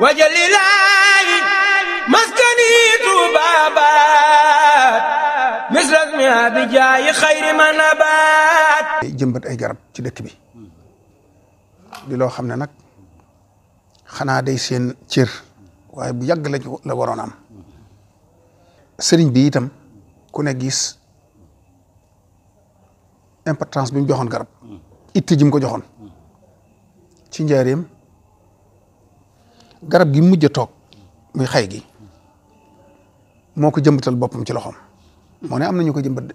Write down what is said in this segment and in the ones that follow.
wajalilaayi maskani tubaabaat misras mi abijaayi xayri manabaat jëmbat ay garab ci dëkk bi di loo xam ne nag xanaa day seen cër waaye bu yàgg la la waroon am sëriñ bi itam ku ne gis importance bi mu joxoon garab itti ji ko joxoon ci njaareem garab gi mujj a toog muy xay gi moo ko jëmbatal boppam ci loxoom moo ne am na ñu ko jëmbat de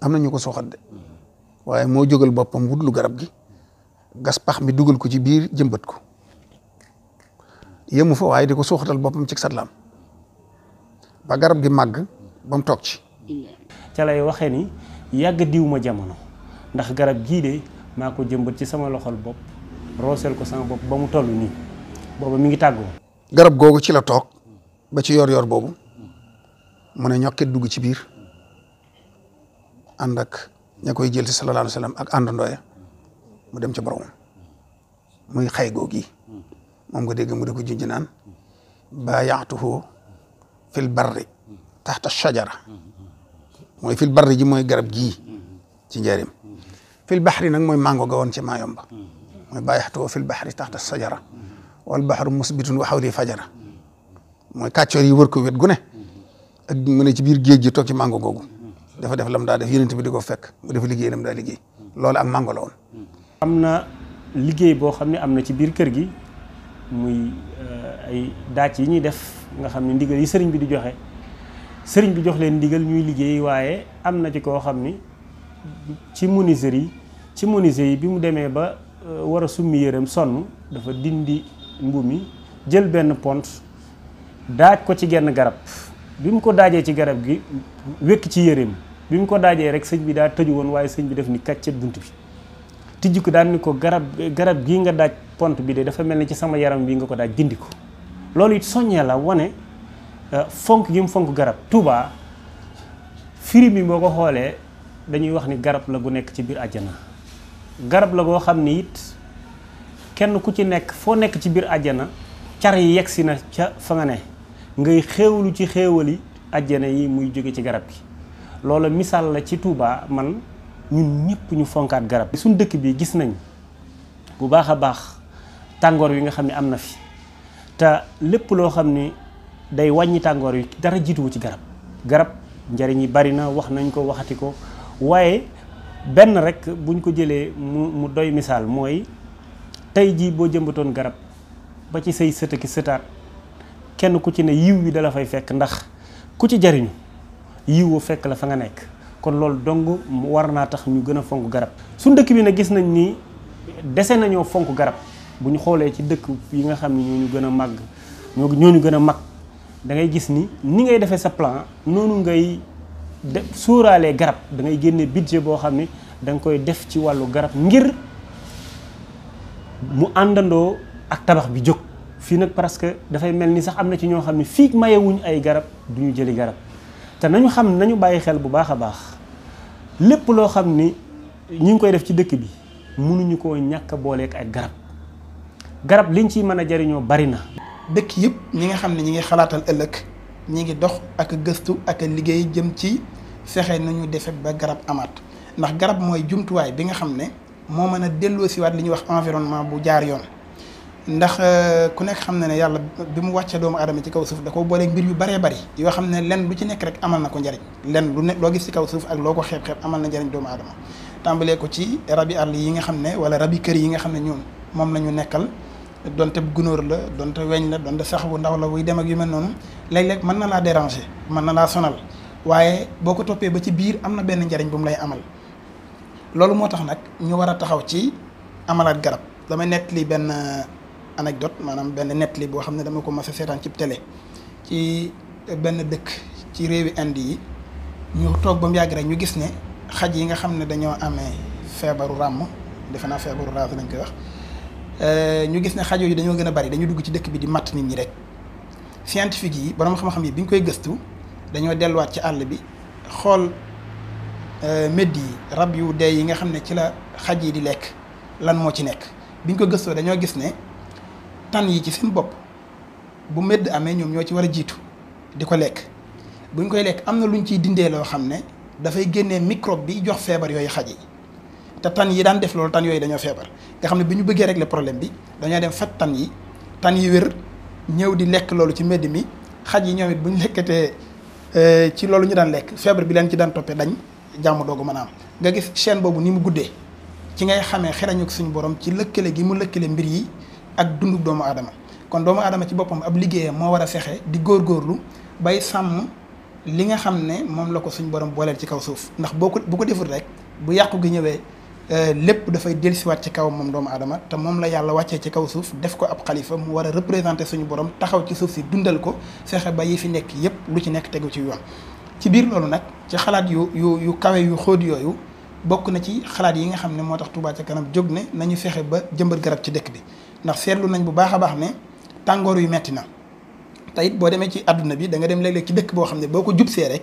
am na ñu ko soxat de waaye moo jógal boppam wutlu garab gi gas pax mi dugal ko ci biir jëmbat ko yëmu fa waaye di ko suuxatal boppam ci satlaam ba garab gi màgg ba mu toog ci. ca lay waxee ni yàgg diw ma jamono ndax garab gii de maa ko jëmbat ci sama loxol bopp rooseel ko sama bopp ba mu toll nii. booba mi ngi tàggoo. garab googu ci la toog ba ci yor-yor boobu mu ne ñokkit dugg ci biir ànd ña koy jël ci sallallahu alayhi wa ak àndandoo mu dem ci boromam muy xay googi moom nga dégg mu di ko junj naan baayaatuhu fil barri taxta shajara mooy fil barri ji mooy garab gii ci njëriñ fil baxri nag mooy mango ga woon ci maayomba mooy baayaatuhu fil baxri taxta shajara wal baxaru musbitun wa xawli fajara mooy kàccoor yi wër ko wet gu ne ak mu ne ci biir géej gi toog ci màngo googu dafa def lam daa def yonent bi di ko fekk mu def liggéey lam daa liggéey loolu ak mango la woon na liggéey boo xam ne am na ci biir kër gi muy eh, ay daac yi ñuy def nga xam ne ndigal yi sëriñ bi di joxe sëriñ bi jox leen ndigal ñuy liggéey waaye am na ci koo xam ni ci menuisier yi ci menuisier yi bi mu demee ba eh, war a summi yëram sonn dafa dindi mbu mi jël benn pont daaj ko ci genn garab bi mu ko daajee ci garab gi wékk ci yéreem bi mu ko daajee rek sëñ bi daa tëju woon waaye sëñ bi def ni kàcce bunt bi tijji ko daan ni ko garab garab gii nga daaj pont bi de dafa mel ni ci sama yaram bi nga ko daaj dindi ko loolu it soññee la wone euh, fonk gi mu fonk garab Touba firi bi boo ko xoolee dañuy wax ni garab la gu nekk ci biir àjjana garab la goo xam ni it kenn ku ci nekk foo nekk ci biir àjjana car yi yegg si na ca fa nga ne ngay xéewalu ci xéewali àjjana yi muy jóge ci garab gi loolu misaal la ci tuubaa man ñun ñépp ñu fonkaat garab suñ dëkk bi gis nañ bu baax a baax tàngoor wi nga xam ne am na fi te lépp loo xam ni day wàññi tàngoor yi dara jiituwu ci garab garab njariñ yi bari na wax nañ ko waxati ko waaye benn rek buñ ko jëlee mu mu doy misaal mooy tey jii boo jëmbatoon garab ba ci say sëta sëtaat kenn ku ci ne yiw bi dala fay fekk ndax ku ci jariñu yiw fekk la fa nga nekk kon loolu dong war naa tax ñu gën a fonk garab su ndëkk bi nag gis nañ ni dese nañoo fonk garab bu ñu xoolee ci dëkk yi nga xam ne ñoo ñu gën a màgg ñoo ñu gën a mag da ngay gis ni ni ngay defee sa plan noonu ngay de sóoraalee garab dangay génne budget boo xam ne da nga koy def ci wàllu garab ngir mu àndandoo ak tabax bi jóg fii nag parce que dafay mel ni sax am na ci ñoo xam ne fii mayewuñu ay garab du ñu jëli garab te nañu xam nañu bàyyi xel bu baax a baax lépp loo xam ni ñu ngi koy def ci dëkk bi mënuñu koo ñàkk booleek booleeg ak garab garab liñ ciy mën a jariñoo bari na. dëkk yëpp ñi nga xam ne ñi ngi xalaatal ëllëg ñi ngi dox ak gëstu ak liggéey jëm ci fexe nañu defe ba garab amaat ndax garab mooy jumtuwaay bi nga xam ne. moo mën a delloo si li ñuy wax environnement bu jaar yoon ndax euh, ku nekk xam na ne yàlla bi mu wàccee doomu adama ci kaw suuf da ko booleeg mbir yu baree bari yoo xam ne lenn lu ci nekk rek amal na ko njariñ lenn lu ne loo gis ci kaw suuf ak loo ko xeeb-xeeb amal na njariñ doomu aadama tàmbalee ko ci rabi àll yi nga xam ne wala rabi kër yi nga xam ne ñoom moom la ñu nekkal donte gunóor la donte weñ la donte sax bu ndaw la wuy dem ak yu mel noonu léeg-léeg mën na laa déranger mën na laa sonal waaye boo ko toppee ba ci biir am na benn njariñ bu mu amal loolu moo tax nag ñu war a taxaw ci amalaat garab damay nettali benn euh, anecdote maanaam benn nettali boo xam ne dama ko mas a seetaan ci télé ci benn dëkk ci réewi Inde yi ñu toog ba mu yàgg rek ñu gis ne xaj yi nga xam ne dañoo amee feebaru ràmm defe naa feebaru rase lañ koy wax euh, ñu gis ne xaj yooyu dañoo gën a bari dañu dugg ci dëkk bi di matt nit ñi rek scientifique yi borom xam-xam yi bi ñu koy gëstu dañoo delluwaat ci àll bi xool. Euh, médd yi rab yu dee yi nga xam ne ci la xaj yi di lekk lan moo ci nekk bi biñ ko gëstoo dañoo gis ne tan yi ci seen bopp bu médd amee ñoom ñoo ci war a jiitu di ko lekk buñ koy lekk am na luñ ciy dindee loo xam ne dafay génnee microbe bi jox feebar yooyu xaj yi te tan yi daan def loolu tan dañoo feebar nga ne bi ñu bëggee problème bi dañoo dem faj tan yi tan yi wér ñëw di lekk loolu ci médd mi xaj yi ñoom it bu ñu lekkatee euh, ci loolu ñu daan lekk feebar bi leen ci daan toppee dañ jàmm doogu mën a am nga gis chaîne boobu ni mu guddee ci ngay xamee xerañu suñu borom ci lëkkale gi mu lëkkale mbir yi ak dundu doomu aadama kon doomu adama ci boppam ab liggéeyam moo war a fexe di góorgóorlu bay sàmm li nga xam ne moom la ko suñu borom booleel ci kaw suuf ndax boo ko bu ko deful rek bu yàqu gi ñëwee euh, lépp dafay dellusiwaat ci kaw moom doomu adama te moom la yàlla wàccee ci kaw suuf def ko ab xalifa mu war a représenter suñu borom taxaw ci suuf si dundal ko se ba yi fi nekk yépp lu ci nekk tegu ci yoon. ci biir loolu nag ci xalaat yu yu yu kawe yu xóot yooyu bokk na ci xalaat yi nga xam ne moo tax Touba ca kanam jóg ne nañu fexe ba jëmbat garab ci dëkk bi ndax seetlu nañ bu baax a baax ne tàngoor yu metti na te boo demee ci àdduna bi da nga dem léeg-léeg dëkk boo xam ne boo ko jubsee rek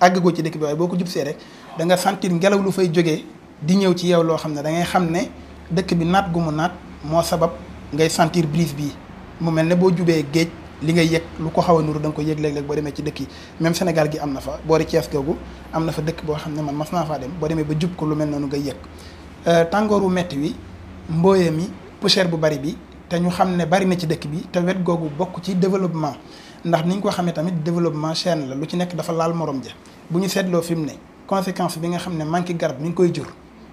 àggagoo ci dëkk bi waaye boo ko jubsee rek danga nga sentir ngelaw lu fay jóge di ñëw ci yow loo xam ne dangay xam ne dëkk bi naat gu mu naat moo sabab ngay sentir brise bii mu mel ne boo jubee géej li ngay yëg lu ko xaw a nuru da nga ko yëg léeg-léeg boo demee ci dëkk yi même Sénégal gi am na fa boori Thiès googu am na fa dëkk boo xam ne man mas naa faa dem boo demee ba jub ko lu mel noonu ngay yëg euh, tàngooru metti wi mbooya mi poussière bu bari bi te ñu xam ne bari na ci dëkk bi te wet googu bokk ci développement ndax ni ñu ko xamee tamit développement chaîne la lu ci nekk dafa laal morom ja bu ñu seetloo fi mu ne conséquence bi nga xam ne manque garab mi ngi koy jur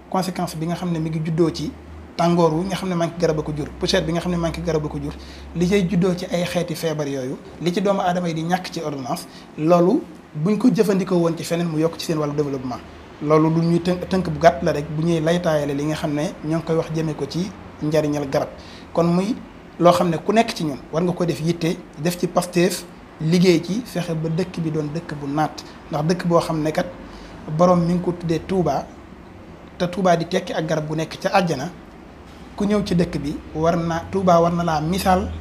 conséquence bi nga xam ne mi ngi juddoo ci tàngoor wu nga xam ne manque garab a ko jur poussière bi nga xam ne manque garab a ko jur li cay juddoo ci ay xeeti feebar yooyu li ci doomu aadama yi di ñàkk ci ordonnance loolu buñ ko jëfandikoo woon ci feneen mu yokk ci seen wàllu développement loolu lu ñuy tënk tënk bu gàtt la rek bu ñuy laytaayale li nga xam ne ñoo ngi koy wax jëmee ko ci njariñal garab kon muy loo xam ne ku nekk ci ñun war nga ko def yitte def ci pasteef liggéey ci fexe ba dëkk bi doon dëkk bu naat ndax dëkk boo xam ne kat borom mi ngi ko tuddee Touba te Touba di tekki ak garab bu nekk ca àjjana ku ñëw ci dëkk bi war naa Touba war na laa misaal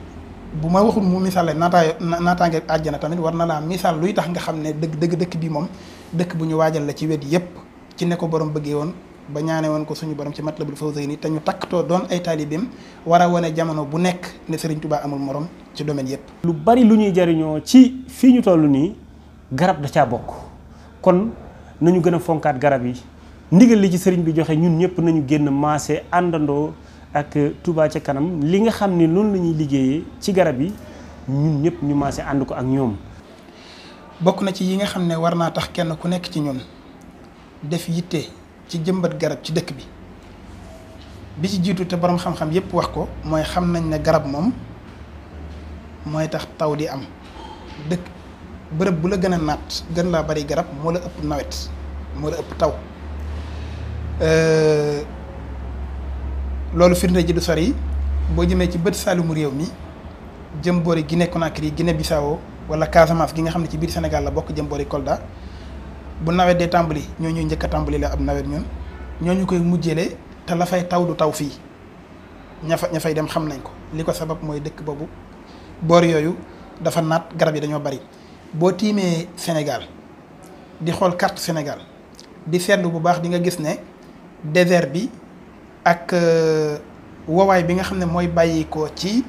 bu ma waxul mu misaale naataay naataange àjjana tamit war na laa misaal luy tax nga xam ne dëgg dëgg dëkk bi moom dëkk bu ñu waajal la ci wet yépp ci ne ko boroom bëggee woon ba ñaanee woon ko suñu borom ci mat la Matlabul Fawzayni te ñu takktoo doon ay taalibeem war a wane jamono bu nekk ne Serigne Touba amul morom ci domaine yépp lu bari lu ñuy jariñoo ci fii ñu toll nii garab da ca bokk kon nañu gën a fonkaat garab yi ndigal li ci sëriñ bi joxe ñun ñëpp nañu génn maase àndandoo. ak tubaa ca kanam li nga xam ne noonu la ñuy liggéeyee ci garab yi ñun ñëpp ñu maase ànd ko ak ñoom. bokk na ci yi nga xam ne war naa tax kenn ku nekk ci ñun def yitte ci jëmbat garab ci dëkk bi bi ci jiitu te boroom xam-xam yëpp wax ko mooy xam nañ ne garab moom mooy tax taw di am dëkk bërëb bu la gën a naat gën laa bari garab moo la ëpp nawet moo la ëpp taw. Euh, loolu firnde ji du sori boo jëmee ci bët saalumu réew mi jëm boori Guinée Conakry Guinée Bissau wala Casamance gi nga xam ne ci biir Sénégal la bokk jëm boori Kolda bu nawet dee tàmbali ñoo ñuy njëkk a tàmbali la ab nawet ñun ñoo ñu koy mujjele te la fay taw du taw fii ña fa ña fay dem xam nañ ko li ko sabab mooy dëkk boobu boor yooyu dafa naat garab yi dañoo bari boo tiimee Sénégal di xool carte Sénégal di seetlu bu baax di nga gis ne désert bi. ak euh, wowaay bi nga xam ne mooy bàyyi ko ci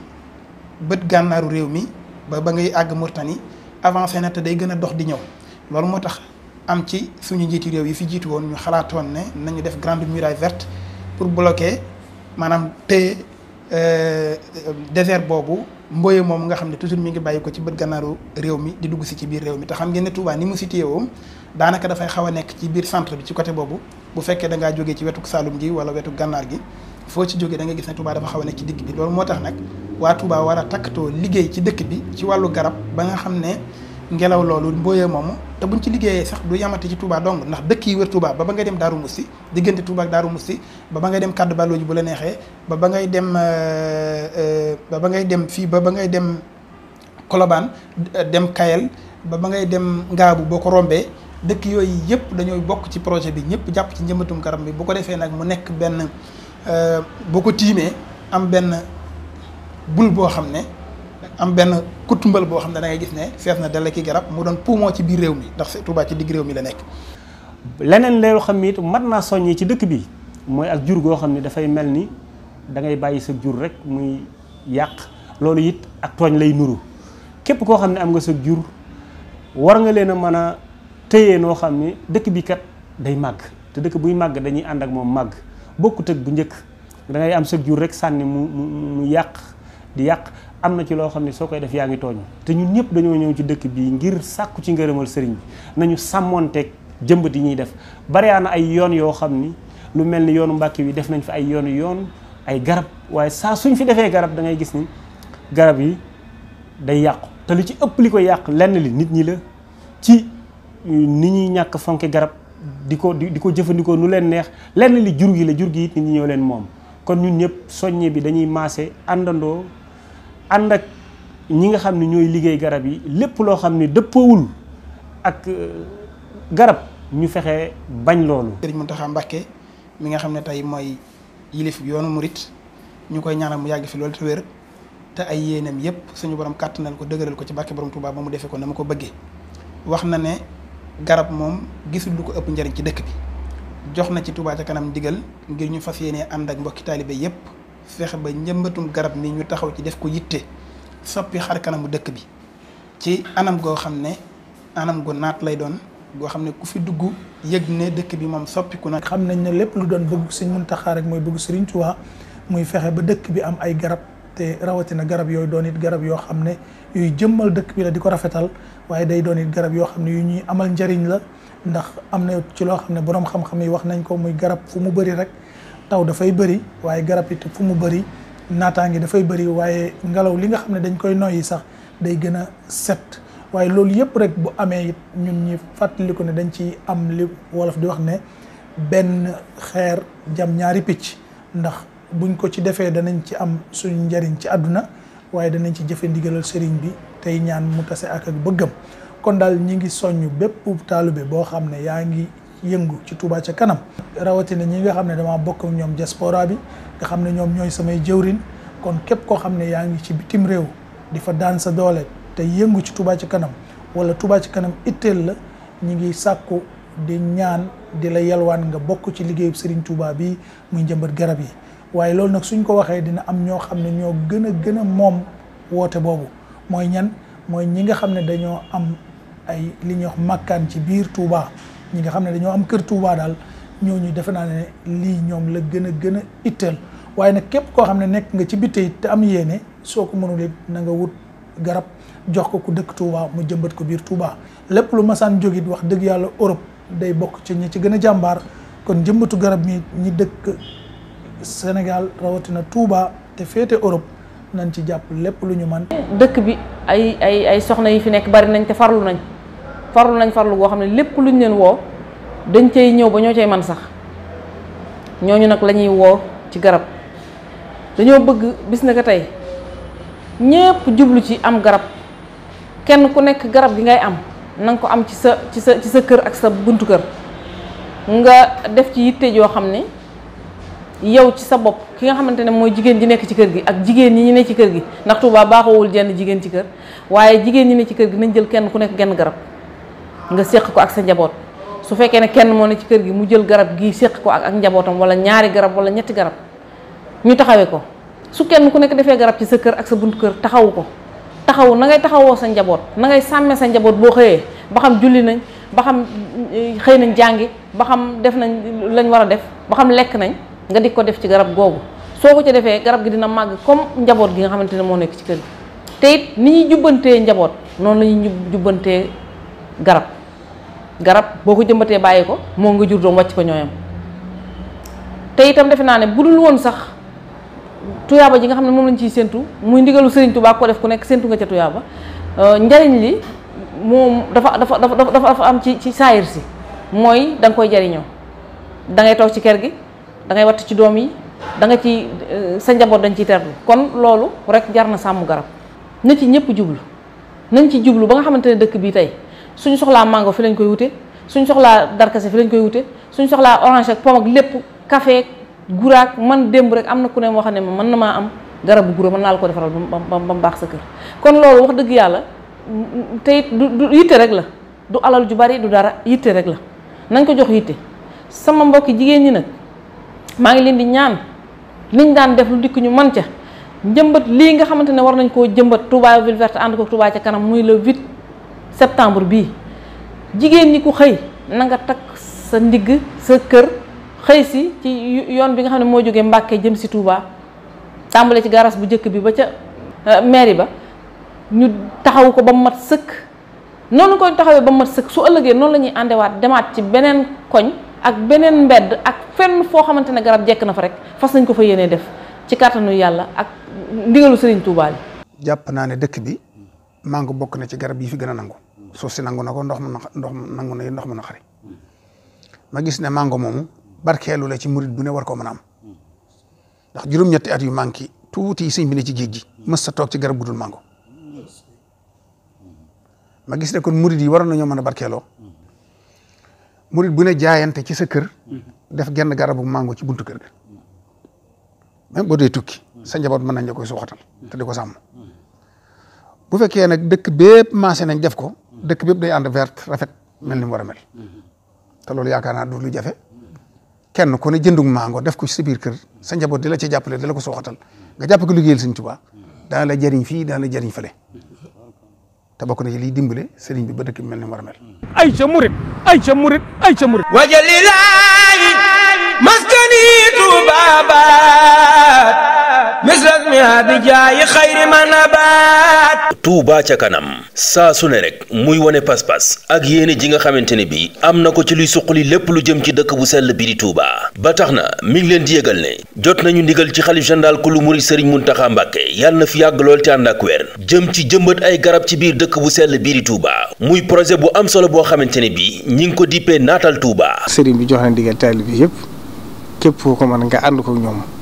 bët gànnaaru réew mi ba ba ngay àgg Murtani avancé na te day gën a dox di ñëw loolu moo tax am ci suñu njiiti réew yi fi jiitu woon ñu xalaatoon ne nañu def grande muraille verte pour bloquer maanaam te euh, désert boobu mboye moom nga xam ne toujours mi ngi bàyyi ko ci bët gànnaaru réew mi di dugg si ci biir réew mi te xam ngeen ne Touba ni mu situé woo daanaka dafay xaw a nekk ci biir centre bi ci côté boobu bu fekkee da ngaa jógee ci wetuk Saalum gi wala wetuk gànnaar gi foo ci jógee da nga gis ne Touba dafa xaw a nekk ci digg bi loolu moo tax nag waa Touba war a takkatoo liggéey ci dëkk bi ci wàllu garab ba nga xam ne ngelaw loolu mbooyee moom te buñ ci liggéeyee sax du yamate ci Touba dong ndax dëkk yi wër Touba ba ba ngay dem Daaru Musti diggante Touba ak Daaru Musti ba ba ngay dem kàddu ballooji bu la neexee ba ba ngay dem euh, euh, ba ba ngay dem fii ba ba ngay dem Kolobaan euh, dem Kayel ba ba ngay dem Ngaabu boo ko rombee dëkk yooyu yëpp dañooy bokk ci projet bi ñëpp jàpp ci njëmbatum garab bi bu ko defee nag mu nekk benn boo ko tiimee am benn bul boo xam ne am benn kutumbal boo xam ne da ngay gis ne fees na dale ki garab mu doon poumon ci biir réew mi ndax Touba ci digg réew mi la nekk. leneen leelu xam ni it mat naa soññee ci dëkk bi mooy ak jur goo xam ne dafay mel ni dangay bàyyi sa jur rek muy yàq loolu it ak tooñ lay nuru képp koo xam ne am nga sa jur war nga leen a mën a téye noo xam ne dëkk bi kat day màgg te dëkk buy màgg dañuy ànd ak moom màgg bokkut bu njëkk dangay am sa jur rek sànni mu yàq. di yàq am na ci loo xam ne soo koy def yaa ngi tooñ te ñun ñëpp dañoo ñëw ci dëkk bi ngir sàkku ci ngërëmal sëriñ bi nañu sàmmoonteeg jëmbat yi ñuy def bari na ay yoon yoo xam ni lu mel ni yoonu Mbàkke bi def nañ fi ay yoon yoon ay garab waaye saa suñ fi defee garab dangay gis ni garab yi day yàqu te lu ci ëpp li ko yàq lenn li nit ñi la ci euh, ni ñuy ñàkk fonke garab di ko di ko jëfandikoo nu leen neex lenn li jur gi la jur gi it nit ñoo leen moom kon ñun ñëpp soññe bi dañuy maase àndandoo ànd ak ñi nga xam ne ñooy liggéey garab yi lépp loo xam ne dëppoowul ak euh, garab ñu fexe bañ loolu. Sëriñ Mountakha Mbacké mi nga xam ne tey mooy yilif yoonu murit ñu koy ñaanal mu yàgg fi loolu te wér te ay yéenam yépp suñu borom kàttanal ko dëgëral ko ci barke borom Touba ba mu defee ko na ma ko bëggee wax na ne garab moom gisul lu ko ëpp njariñ ci dëkk bi jox na ci Touba ca kanam ndigal ngir ñu fas yéenee ànd ak mbokki taalibe yépp fexe ba njëmbatum garab mi ñu taxaw ci def ko yitte soppi xar kanamu dëkk bi ci anam goo xam ne anam gu naat lay doon goo xam ne ku fi dugg yëg ne dëkk bi moom soppiku na. xam nañ ne lépp lu doon bëgg Sëñ Muntaxa rek mooy bëgg Sëriñ Tuubaa muy fexe ba dëkk bi am ay garab te rawatina garab yooyu doon it garab yoo xam ne yuy jëmmal dëkk bi la di ko rafetal waaye day doon it garab yoo xam ne yu ñuy amal njariñ la ndax am na ci loo xam ne boroom xam-xam yi wax nañ ko muy garab fu mu bëri rek. taw dafay bëri waaye garab it fu mu bëri naataangi dafay bëri waaye ngelaw li nga xam ne dañ koy noyyi sax day gën a set waaye loolu yëpp rek bu amee it ñun ñi fàttaliku ne dañ ci am li wolof di wax ne benn xeer jam ñaari picc ndax buñ ko ci defee danañ ci am suñu njariñ ci àdduna waaye danañ ci jëfe ndigalal sëriñ bi tey ñaan mu tase ak ak bëggam kon daal ñi ngi soññ bépp taalibe boo xam ne yaa ngi yëngu ci Touba ca kanam rawatina ñi nga xam ne dama bokk ñoom diaspora bi nga xam ne ñoom ñooy samay jëwrin kon képp koo xam ne yaa ngi ci bitim réew di fa daan sa doole te yëngu ci Touba ca kanam wala Touba ca kanam itteel la ñi ngi sàkku di ñaan di la yalwaan nga bokk ci liggéeyu Serigne Touba bi muy njëmbat garab yi waaye loolu nag suñ ko waxee dina am ñoo xam ne ñoo gën a gën a moom woote boobu mooy ñan mooy ñi nga xam ne dañoo am ay li ñuy wax màkkaan ci biir Touba ñi nga xam ne dañoo am kër Touba daal ñoo ñu defe naa ne lii ñoom la gën a gën a itteel waaye nag képp koo xam ne nekk nga ci bitte it te am yéene soo ko mënul it na nga wut garab jox ko ku dëkk Touba mu jëmbat ko biir Touba lépp lu masaan jógit wax dëgg yàlla Europe day bokk ci ñi ci gën a jàmbaar kon jëmbatu garab mi ñi dëkk Sénégal rawatina Touba te féete Europe nañ ci jàpp lépp lu ñu man dëkk bi ay ay ay soxna yi fi nekk bari nañ te farlu nañ farlu nañ farlu boo xam ne lépp lu ñu leen woo dañ cay ñëw ba ñoo cay man sax ñooñu nag lañuy woo ci garab dañoo bëgg bis na ko tey ñépp jublu ci am garab kenn ku nekk garab gi ngay am na ko am ci sa ci sa ci sa kër ak sa buntu kër nga def ci yitte yoo xam ne yow ci sa bopp ki nga xamante ne mooy jigéen ji nekk ci kër gi ak jigéen ñi ñu ne ci kër gi ndax Tuubaa baaxoowul jenn jigéen ci kër waaye jigéen ñi ne ci kër gi nañ jël kenn ku nekk genn garab nga séq ko ak sa njaboot su fekkee ne kenn moo ne ci kër gi mu jël garab gii séq ko ak ak njabootam wala ñaari garab wala ñetti garab ñu taxawee ko su kenn ku nekk defee garab ci sa kër ak sa buntu kër taxawu ko taxawu na ngay taxawoo sa njaboot na ngay sàmmee sa njaboot boo xëyee ba xam julli ba xam eh, xëy nañ jàngi ba xam def nañ lañ war a def ba xam lekk nañ nga di ko def ci garab googu soo ko ci defee garab gi dina màgg comme njaboot gi nga xamante ne moo nekk ci kër gi te ni ñuy jubbantee njaboot noonu la ñu jubbantee garab garab boo ko jëmbatee bàyyi ko moo nga jur doom wàcc ko ñooyam te itam defe naa ne bu dul woon sax tuyaaba ji nga xam ne moom lañ ciy séntu muy ndigalu Sëriñ Tuubaa ko def ku nekk séntu nga ca tuyaaba euh, njariñ li moom dafa dafa dafa dafa am ci ci saayir si mooy danga koy jariñoo da ngay toog ci kër gi dangay ngay ci doom yi da nga ci euh, sa njaboot dañ ciy terlu kon loolu rek jar na sàmm garab na ci ñëpp jublu nañ ci jublu ba nga xamante ne dëkk bii tey suñu soxlaa mango fi lañ koy wute suñ soxlaa darkase fi lañ koy wute suñ soxlaa orange ak pomme ak lépp café guraak man démb rek am na ku ne moo xam ne ma mën na maa am garabu gura mën naa la ko defaral ba mu baax sa kër kon loolu wax dëgg yàlla te it du yitte rek la du alal ju bari du dara yitte rek la nañ ko jox yitte sama mbokki jigéen ñi nag maa ngi leen di ñaan liñ daan def lu dikk ñu man ca njëmbat lii nga xamante ne war nañ koo jëmbat Touba Ville Verte ànd ko Touba ca kanam muy le 8 septembre bi jigéen ñi ko xëy nanga nga takk sa ndigg sa kër xëy si ci yoon bi nga xam ne moo jógee Mbàkke jëm si Touba tàmbale ci garas bu njëkk bi ba ca euh, mairie ba ñu taxaw ko ba mu mat sëkk noonu ko taxawee ba mu mat sëkk su ëllëgee noonu la ñuy àndewaat demaat ci beneen koñ ak beneen mbedd ak fenn foo xamante ne garab jekk na fa rek fas nañ ko fa yenee def ci kàttanu yàlla ak ndigalu Serigne Touba jàpp naa ne dëkk bi mango bokk na ci garab yi fi gën a nangu. suuf si nangu na ko ndox mu ndox mu nangu na ndox mu naqari ma gis ne mango moomu barkeelu la ci murit bu ne war ko mën a ndax juróom at yu manqué tuuti yi sëñ ci géej gi sa toog ci garab gudul mango ma gis ne ko murit yi waroon nañoo mën a barkeeloo murit bu ne jaayante ci sa kër def genn garabu mango ci buntu kër ga même boo tukki sa njaboot mën nañ la koy suuxatal te di ko sàmm bu fekkee nag dëkk bépp maase nañ def ko dëkk bépp day ànd verte rafet mel ni mu war a mel te loolu yaakaar naa du lu jafe kenn ku ne jëndug mango def ko ci sa biir kër sa njaboot di la ci jàppale di la ko soxatal nga jàpp ko liggéeyal Sëriñ Tuubaa daan la jëriñ fii daan la jëriñ fële te bokk na ci liy dimbale sëriñ bi ba dëkk mel ni mu ay ca murit ay ca murit ay ca murit. wajalilaayi. yaa bi jaayi xayri ca kanam saa su ne rek muy wone pas-pas ak yéene ji nga xamante ne bi am na ko ci luy suq suqali lépp lu jëm ci dëkk bu sell bi di Touba ba tax na mi ngi leen di yëgal ne jot nañu ndigal ci xalif général ku lu murid mun Mountakha Mbacké yàlla na fi yàgg lool te ànd ak weer jëm ci jëmbat ay garab ci biir dëkk bu sell bii di Touba muy projet bu am solo boo xamante ne bi ñi ngi ko dippee naatal Touba. Serigne bi jox na ndigal taalibe bi yëpp képp ko mën nga ànd ko ñoom.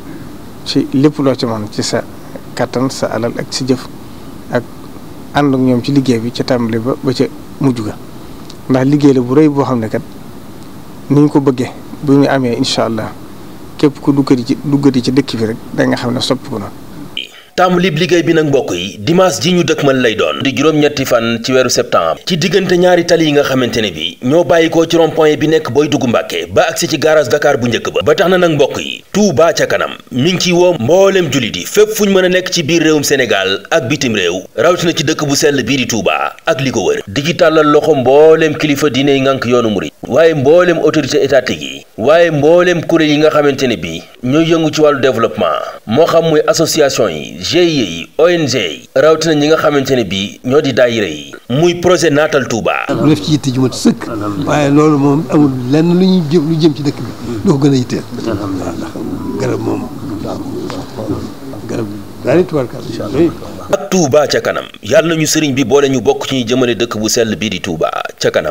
ci lépp loo ci man ci sa kattan sa alal ak si jëf ak ànd ñoom ci liggéey bi ca tàmbali ba ba ca mujj ga ndax liggéey la bu rëy boo xam ne kat ni ñu ko bëggee bu ñu amee incha allah képp ku duggati ci duggati ci dëkk bi rek da nga xam ne soppiku na. tàmbali liggéey bi nag mbokk yi dimanche ji ñu mën lay doon di juróom-ñetti fan ci weeru septembre ci diggante ñaari tali yi nga xamante ne bi ñoo bàyyikoo ci rond bi nekk booy dugg Mbàkke ba agsi ci garage Dakar bu njëkk ba ba tax na nag mbokk yi Touba ca kanam mi ngi ciy woo mbooleem jullit yi fépp fu ñu mën a nekk ci biir réewum Sénégal ak bitim réew rawatina ci dëkk bu sell bii di Touba ak li ko wër di ci tàllal loxo mbooleem kilifa diine yi ngànk yoonu murit waaye mbooleem autorité étatique yi waaye mbooleem kuréel yi nga xamante ne bi ñooy yëngu ci wàllu développement moo xam muy association yi GIE yi ONG yi rawatina ñi nga xamante ne bii ñoo di daayira yi muy projet naatal Touba. lu def ci yitte ju mat sëkk waaye loolu moom amul lenn lu ñuy jëm ci dëkk bi doo gën a yitteel ak Touba ca kanam yàlla nañu sëriñ bi boole ñu bokk ci ñuy jëmale dëkk bu sell bii di Touba ca kanam.